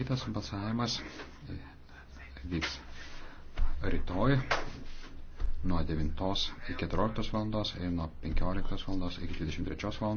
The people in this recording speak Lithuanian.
Kitas balsavimas e, vyks rytoj nuo 9 iki 14 valandos ir nuo 15 valandos iki 23 valandos.